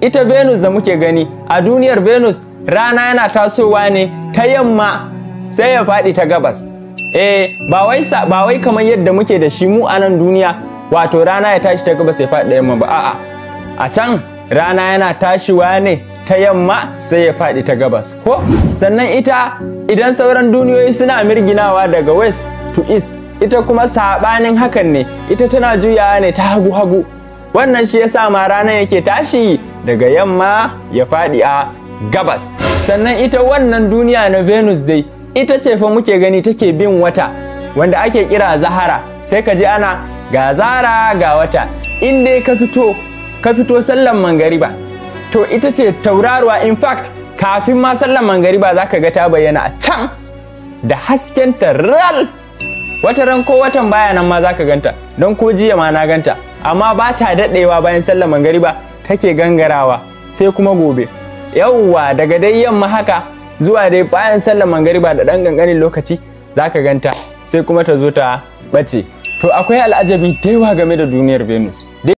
ita venus da muke gani a duniyar venus rana yana tasowa ne ta yamma sai ya faɗi ta gabas eh ba wai ba wai kamar yadda muke da shi mu a nan duniya wato rana ya tashi ta gabas ya faɗi yamma ba a'a a can rana yana tashiwa ne ta yamma sai ya faɗi ta gabas ko sannan ita idan sauran duniyoyi suna mirginawa daga west to east ita kuma saɓanin hakan ne ita tana juyawa ne ta hagu hagu wannan shi yasa ma rana yake tashi daga yamma ya faɗi a gabas sannan ita wannan duniya na venus dai ita ce fa muke gani take bin wata wanda ake kira zahara sai ka ji ana ga zara ga wata in dai ka fito ka fito sallan mangariba to ita ce tauraruwa in fact kafin ma sallan mangariba za ka ga ta bayyana a can da hasken ta ral wata ran ko watan baya nan ma za ka ganta don ko jiya ma na ganta amma ba ta daɗewa bayan sallar mangariba take gangarawa sai kuma gobe yauwa daga dai yamma haka zuwa dai bayan sallar mangariba da ɗan ƙanƙanin lokaci za ka ganta sai kuma ta zo ta ɓace to akwai al'ajabi da yawa game da duniyar venus